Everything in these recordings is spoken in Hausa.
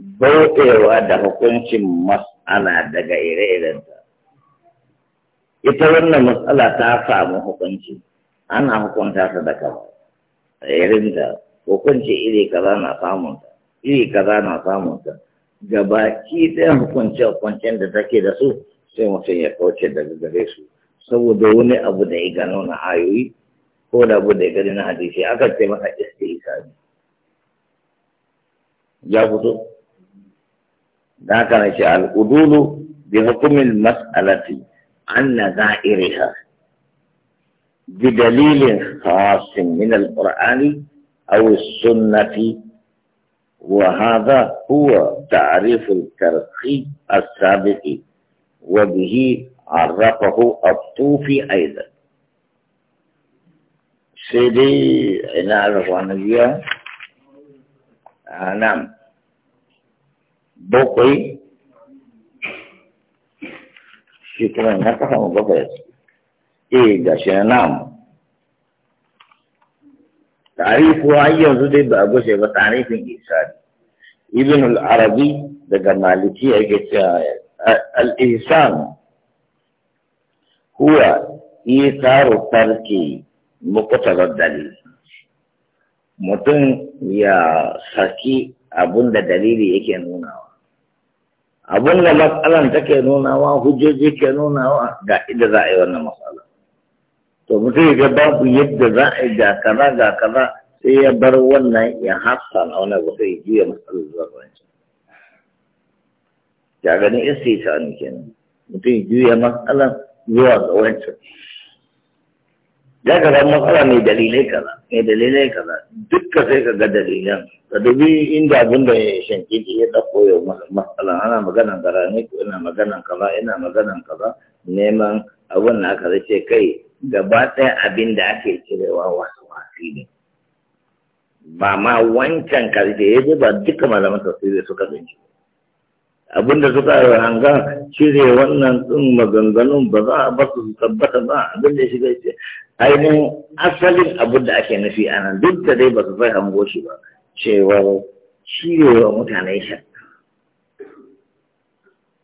bautewa da hukuncin mas'ala daga ire iren ta. Ita wannan mas'ala ta samu hukunci, ana hukunta ta da kama, ta, hukunci iri kaza na ta, iri kaza na ta gabaki ɗaya hukunci hukuncin da take da su sai mutum ya kauce daga gare su, saboda wani abu da ya gano na ayoyi ko da abu da ya gani na hadisi, aka ce isa ne. ya fito. ذاك نشاء الأدول بحكم المسألة عن نظائرها بدليل خاص من القرآن أو السنة وهذا هو تعريف الترقي السابق وبه عرفه الطوفي أيضا سيدي أنا أعرف عن آه نعم bakwai shi kuma na kafa mu bakwai eh ga shi na namu tarifu har yanzu dai ba a gushe ba tarifin isadi ibn al-arabi daga maliki yake cewa al-ihsan huwa isaru tarki muqtarar dalil mutum ya saki abun da dalili yake nunawa abin da matsalan take nunawa hujjoji ke nunawa ga inda za a yi wannan matsala to mutum ga babu yadda za a yi ga kaza ga kaza sai ya bar wannan ya hasa na wani abu sai juya matsalar zuwa wancan ya ganin istisa ne kenan mutum juya matsalan zuwa ga wancan za ka ga matsala mai dalilai kaza mai dalilai kaza dukka sai ka ga dalilan ka dubi inda abin da ya shanki ya ɗauko ya matsala ana maganan gara ne ko ina maganan kaza ina maganan kaza neman abin da aka zace kai gaba ɗaya abin da ake cirewa wasu wasi ne ba ma wancan karshe ya ba duka malaman da suka zance abinda suka hanga cire wannan ɗin maganganun ba za a ba su tabbata ba abinda shiga ce ainihin asalin abin da ake nufi a nan duk da dai ba su fai hango shi ba cewa cirewa mutane shan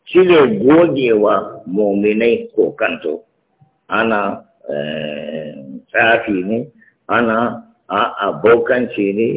cire gogewa mominai ko kanto ana eh, tsafi ne ana a'a bokanci ne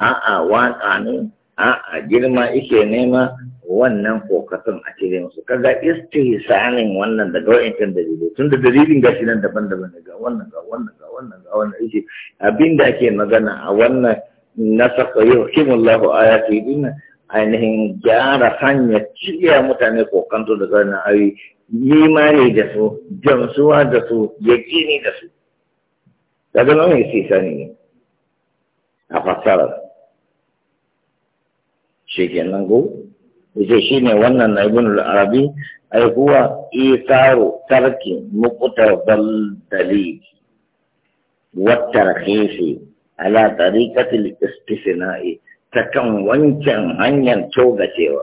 a waƙa ne a'a girma ike nema wannan kokatun a cire musu kaga istihsanin wannan daga kan dalilai tun da dalilin gashi nan daban-daban ga wannan ga wannan ga wannan ga wannan yace abinda ake magana a wannan nasaka Allahu ayati din ainihin gyara hanyar cire mutane kokanto da wannan ayi ne da su jamsuwa da su yakini da su kaga nan istihsani ne a fassara shi kenan go yace ne wannan na ibn al-arabi ai huwa isaru tarki muqtadal dalil wa tarhisi ala tariqatil istisna'i ta kan wancan hanyar cewa.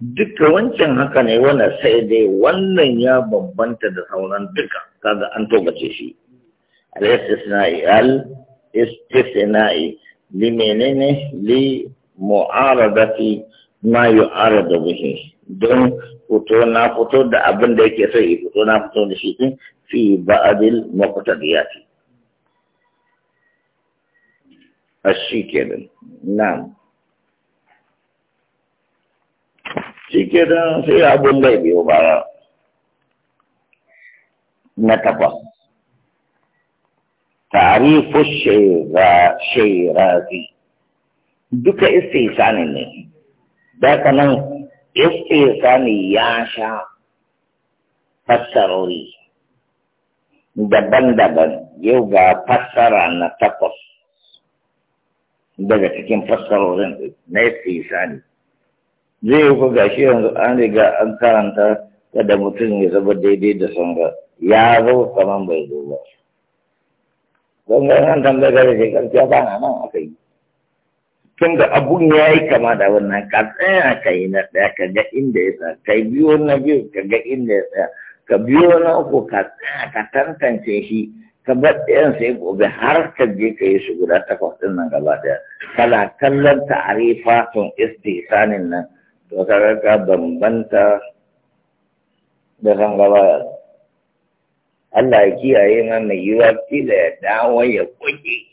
duka wancan haka ne wannan sai dai wannan ya bambanta da sauran duka kaga an togace shi al-istisna'i al-istisna'i li menene li mu'aradati ma yi ara da bihi don fito na fito da abin da yake so ya fito na fito da shi din fi ba'adil maqtadiyati ashi kenan na'am shi kenan sai abin bai biyo baya na takwas ta'rifu shayra shayrazi duka istihsani ne da haka nan Sani ya sha fassarori daban-daban yau ga fassara na takwas daga cikin fassarorin na Sani. zai yi ku gashi yanzu an riga an karanta kada mutum ya zama daidai da sanga ya zo kamar bai zo ba. Don ganin an tambaye shi karfiya ba nan aka yi. tun da abun ya yi kama da wannan ka tsaya ka yi na ɗaya, ka ga inda ya tsaya ka biyo na biyu ka ga inda ya tsaya ka biyo na uku ka tsaya ka tantance shi ka bar ɗayan sai gobe har ka je ka yi su guda takwas ɗin nan gaba ɗaya kana kallon ta'arifatun istihsanin nan to ka ka bambanta da san gaba Allah ya kiyaye nan mai yiwuwa kila ya dawo ya kuɗi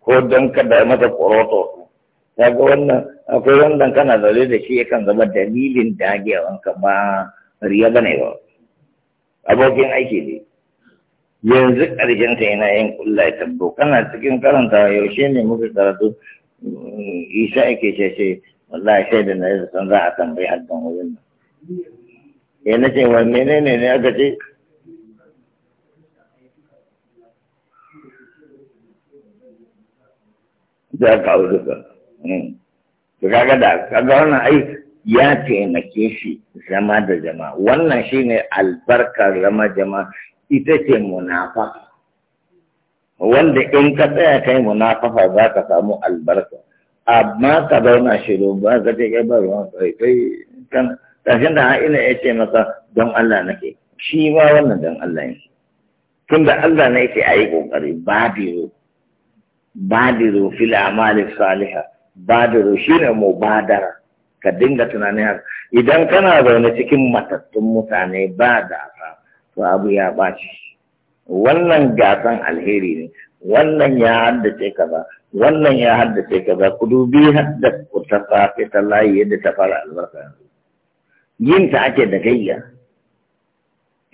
ko don kada mata ƙoroto kaga wannan akwai wannan kana zaune da shi yakan zama dalilin wanka ba riya ba ne ba abokin aiki ne yanzu ƙarshen ta yana yin kulla ya tabbo kana cikin karanta yaushe ne muka karatu mm, isa ake shashe ce wallahi sai da na yi zaton za a tambayi haddan wajen nan ya na ce wa ne ne aka ce da aka ba. Mm. Ka ga da kaga wannan ai ya taimake shi zama da jama'a wannan shine albarkar zama jama'a ita ce munafafa wanda in ka tsaya kai munafafa za ka samu albarka amma ka zauna shiru ba ka ce kai ba ruwan kai kai kan tashin da ina ya ce masa don Allah nake shi ma wannan don Allah ne tun da Allah yi yake ba kokari Ba badiru fil amali salihah badiru shine mubadara ka dinga tunanin haka idan kana zaune cikin matattun mutane ba gasa to abu ya ɓaci wannan gasan alheri ne wannan ya haddace kaza wannan ya haddace kaza ku dubi hadda ku ta ta layi yadda ta fara albarka yanzu yin ta ake da gayya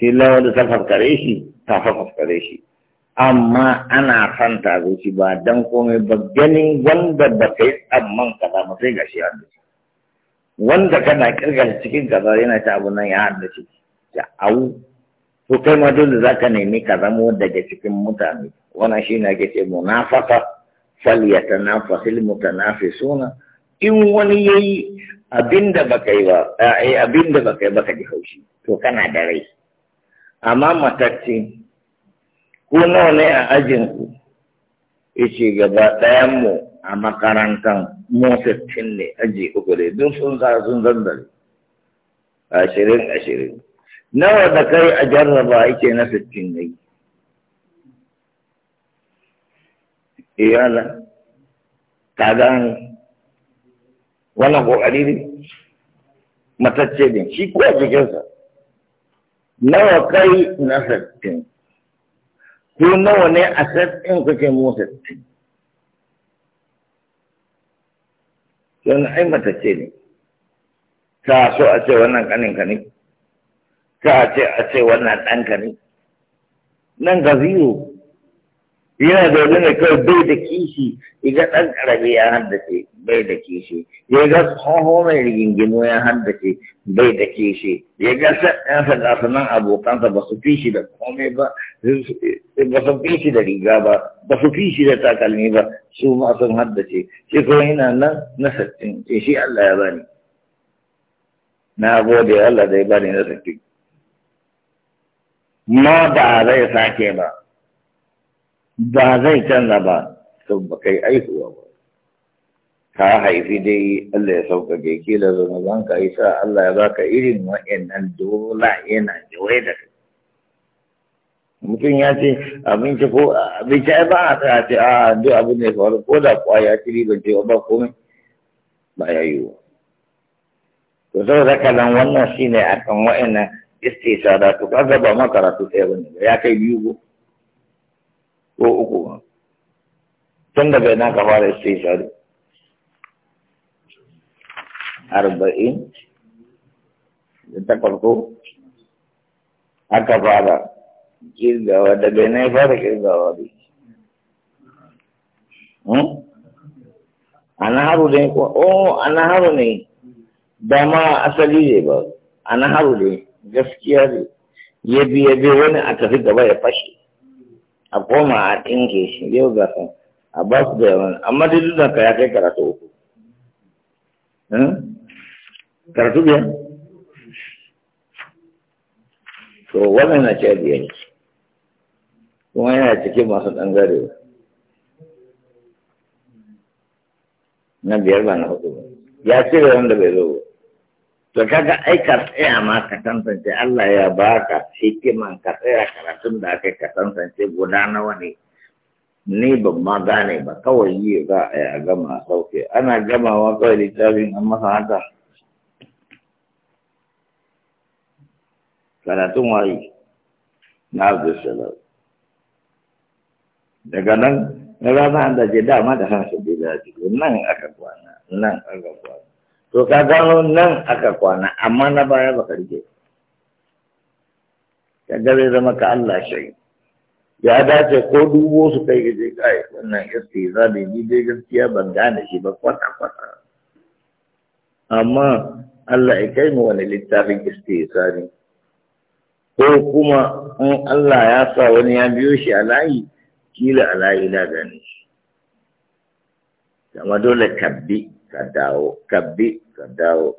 sai lawa da ta fafkare shi ta fafkare shi amma ana santa ta shi ba dan komai ba ganin wanda ba kai yi ka ba sai ga ya dace wanda kana kirgar cikin kaza yana ta abu nan ya shi ya au to kai ma dole za ka nemi ka zamo daga cikin mutane wannan shi na ke ce fal yatanafasil mutanafisuna in wani yayi abinda baka yi ba eh abinda baka yi ka ji haushi to kana da rai amma matacce ko nawa ne a ajinku yace gaba ɗayan a makarantar mu fifteen ne aji uku ne sun sa sun zandare ashirin ashirin nawa da kai a jarraba ike na fifteen ne iyala ta gane wannan kokari ne matacce ne shi kuwa a jikinsa nawa kai na fifteen ko nawa ne a sassin kuke motsa yana aimata ce ne ta so a ce wannan kaninka ne ta ce a ce wannan ɗanka ne nan ga zero yana da wani ne kawai bai da kishi iga ɗan ƙarami ya haddace bai da kishi ya ga tsoho mai rigingimu ya ke. bai da kishi ya ga yan su nan abokansa ba su fi shi da komai ba ba su fi shi da riga ba ba su fi shi da takalmi ba su ma sun haddace shi kuma yana nan na sattin e, shi Allah ya bani na gode Allah zai bani na sattin ma ba zai sake ba ba zai canza ba sun ba kai aihuwa ba ka haifi dai Allah ya sauƙaƙe kila zama ka yi sa Allah ya baka irin wa'annan dola yana jawai da kai mutum ya ce abinci ko abinci ai ba a tsaya ce a ah, duk abin da ya faru ko da kuwa ya ci riban ce ba komai ba ya yi wa to saboda kalan wannan shine akan wa'annan da to kaga ba ma karatu ɗaya bane ya kai biyu ko uku tun da bai na ka fara istisada arba'in da aku akan aka fara ada daga na ya fara kirgawa ne hmm? a naharu ne ko o oh, a naharu ne ba ma asali ne ba ni naharu ne gaskiya ne bi ye bi wani a tafi gaba ya fashe a koma a ɗinke shi yau ga a ba su da yawan amma dai duk da ka ya kai karatu uku hmm? karatu biyan to wannan na ce biyan kuma yana cikin masu ɗangare na biyar ba na hudu ya cire wanda bai zo ba To kaga ai ka tsaya ma ka tantance Allah ya baka hikiman ka tsaya karatun da aka ka tantance guda nawa ne. Ni ban ma gane ba kawai yi za a gama a sauke. Ana gamawa kawai littafin an masa haka karatun waye na abdulsalam daga nan na rana da je dama da hansu bai daji nan aka kwana nan aka kwana to ka gano nan aka kwana amma na baya baka rike ka gare zama ka Allah shai ya dace ko dubo su kai gaje kai wannan istiza da ni dai gaskiya ban gane shi ba kwata kwata amma Allah ya kai mu wani littafin istiza ne ko kuma in Allah ya sa wani ya biyo shi a layi kila a layi na gani kama dole kabbi ka dawo kabbi ka dawo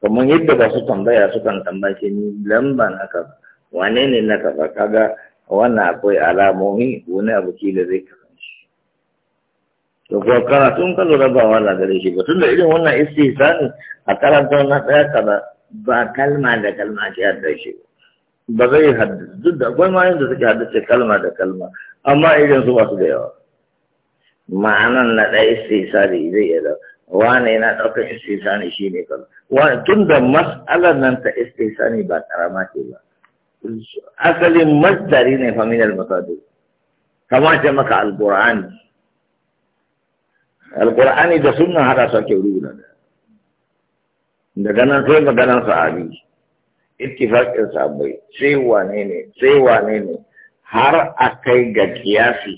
kamar yadda ba su tambaya sukan tambace ni lamba na ka wane ne na ka kaga wannan akwai alamomi wani abu kila zai kasance to kuwa karatun ka lura ba wala gare shi ba tun da irin wannan istihsani a karanta na tsaya kaza ba kalma da kalma ce yadda shi ba ba zai haddace duk da akwai mayan da suke haddace kalma da kalma amma idan su masu da yawa ma'anan na ɗaya istisari zai iya da wane yana ɗaukar ne shi ne kan wani tun da mas'alar nan ta ne ba karama ce ba asalin masdari ne faminal masadu ce maka alƙur'ani alƙur'ani da sunan haɗa sake wuri guda daga nan sai maganar sahabi ittifaqin sabai sai wane ne sai wane ne har a kai ga kiyasi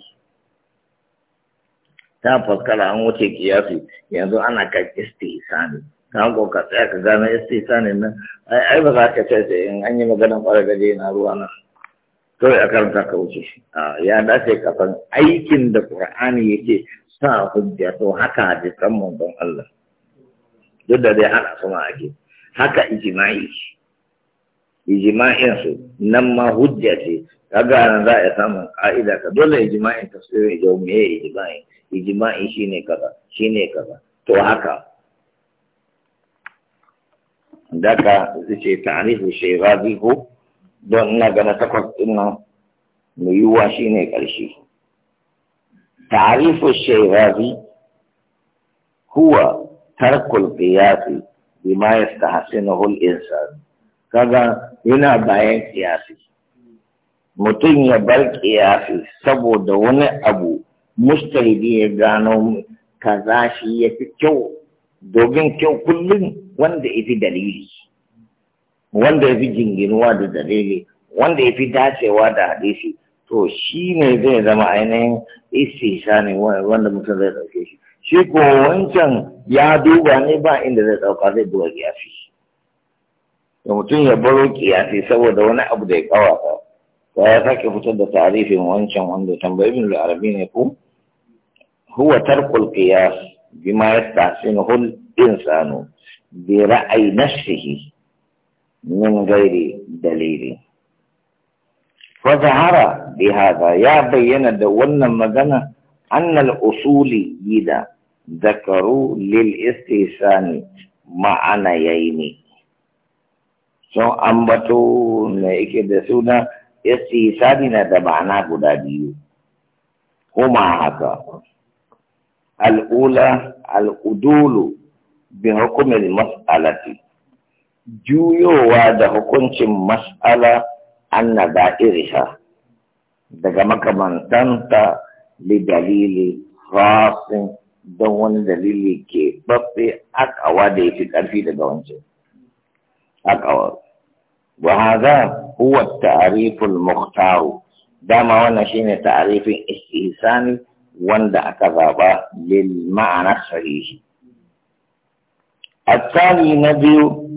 ta fuskara an wuce kiyasi yanzu ana kan istisani ta hanko ka tsaya ka gano istisani nan ai ba za ka ce sai in an yi magana kwarar gaje na ruwa nan to ya karanta ka wuce ya dace kafan aikin da qur'ani yake sa hujja to haka hadisan don Allah duk da dai ana suna ake haka ijma'i ijma'in su nan ma hujja ce kaga nan za a samu ka'ida ka dole ijma'in tafsirin jau me ya ijma'i ijma'i shine kaza shine kaza to haka daga ce ta'rifu shirazi ko don ina ga na takwas din nan mai yiwuwa shine karshe ta'rifu shirazi huwa tarkul qiyasi bima yastahsinuhu al-insan kaga yana bayan kiyasi mutum ya bar kiyasi saboda wani abu mustahidi ya gano kaza shi ya fi kyau domin kyau kullum wanda ya fi dalili wanda ya fi jinginuwa da dalili wanda ya fi dacewa da hadisi to shi ne zai zama ainihin istisa ne wanda mutum zai ɗauke shi shi ko wancan ya duba ne ba inda zai ɗauka zai duba kiyasi da mutum ya baro kiyasi saboda wani abu da ya kawata ta ya sake fitar da tarifin wancan wanda tambayi ibn al ne ku huwa tarkul qiyas bima yastahsinuhu al-insanu bi ra'ayi nafsihi min ghairi dalili fa zahara bi hadha ya bayyana da wannan magana أن الأصوليين ذكروا للإستحسان ne. sun ambato na yake da suna istisani na da ma'ana guda biyu kuma haka al'ula al'udulu bi hukumin mas'alati juyowa da hukuncin mas'ala an na za'irisha daga makamantanta li dalili rasin don wani dalili ke babbe akawa da ya fi ƙarfi daga wancan akawar. Wa haza huwa ta'riful mukhtar. Dama wannan shine ta'rifin ihsani wanda aka zaba lil ma'ana sahihi. Al-thani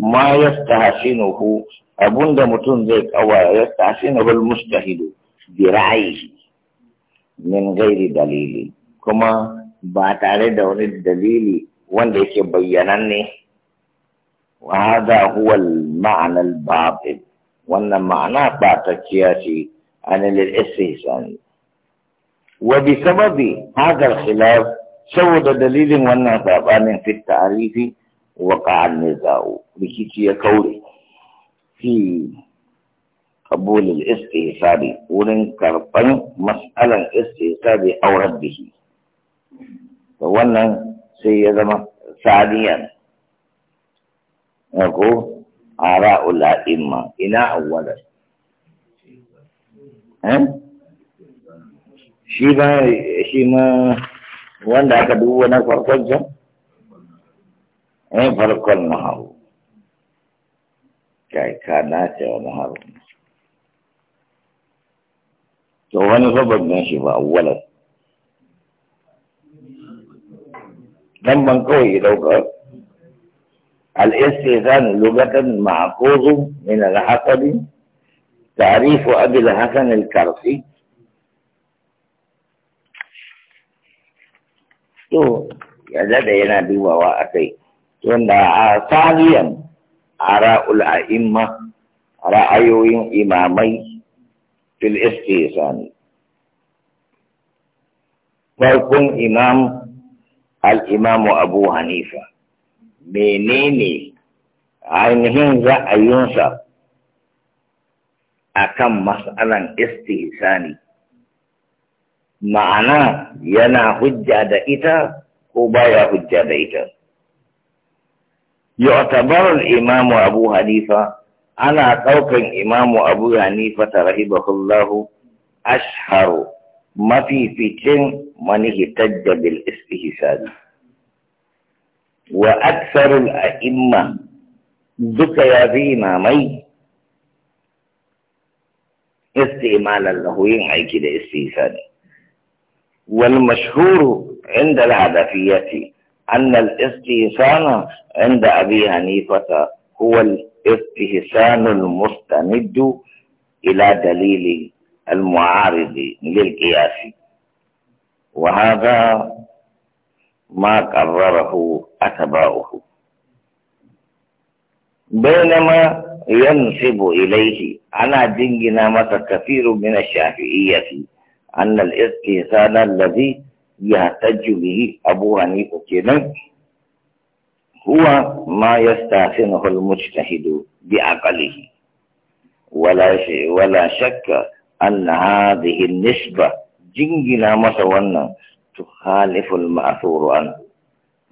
ma yastahsinuhu abunda mutun zai kawa yastahsinu bil mustahid bi ra'yihi min ghairi dalili kuma ba tare da wani dalili wanda yake bayyananne وهذا هو المعنى الباطل وأن معناه باطل سياسي عن الاستهزاء وبسبب هذا الخلاف سود دليل وأن ثابان في التعريف وقع النزاع بكيتي كوري في قبول الاستهزاء ولن كربان مسألة الاستهزاء أو رده وأن سيدنا ثانيا ko ara ula'imma ina awwalar eh? shi ma shi ma wanda aka duba na farkon can eh farkon hau. kai ka na ce wa naharu to wani sabon shi ba awwalar dan ban kawai ya dauka الاستئذان لغة معقوض من الحسن تعريف أبي الحسن الكرسي تو يزدينا بوواتي تونا ثانيا أراء الأئمة رأي إمامي في الاستئذان Walaupun imam, al-imamu Abu Hanifah. menene ainihin ra'ayinsa a kan mas'alan istihsani ma'ana yana hujja da ita ko baya hujja da ita yu'tabar imamu abu hanifa ana ɗaukan imamu abu hanifa ta rahibahullahu ashharu mafificin mani hitajja bil istihsani وأكثر الأئمة دك يا مي استعمال له ينعي كده استيسان والمشهور عند الهدفية أن الاستيسان عند أبي حنيفة هو الاستهسان المستند إلى دليل المعارض للقياس وهذا ma qarrarahu atba'uhu bainama yansibu ilaihi ana jingina masa kafiru min ash-shafi'iyyati anna al-istihsan alladhi yahtaju bihi abu hanifa kenan huwa ma yastahsinuhu al-mujtahidu bi aqlihi wala wala shakka anna hadhihi an-nisba jingina masa wannan تخالف المأثور عنه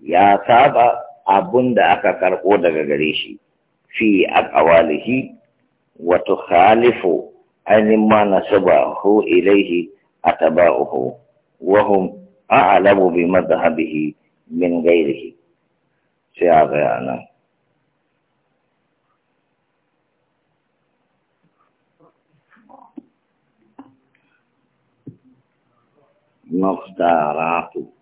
يا صاب أبن دا أكا كرقو دا غريشي في أقواله وتخالف أن ما نسبه إليه اتباعه وهم أعلم بمذهبه من غيره سياغيانا يعني. nosso tarato.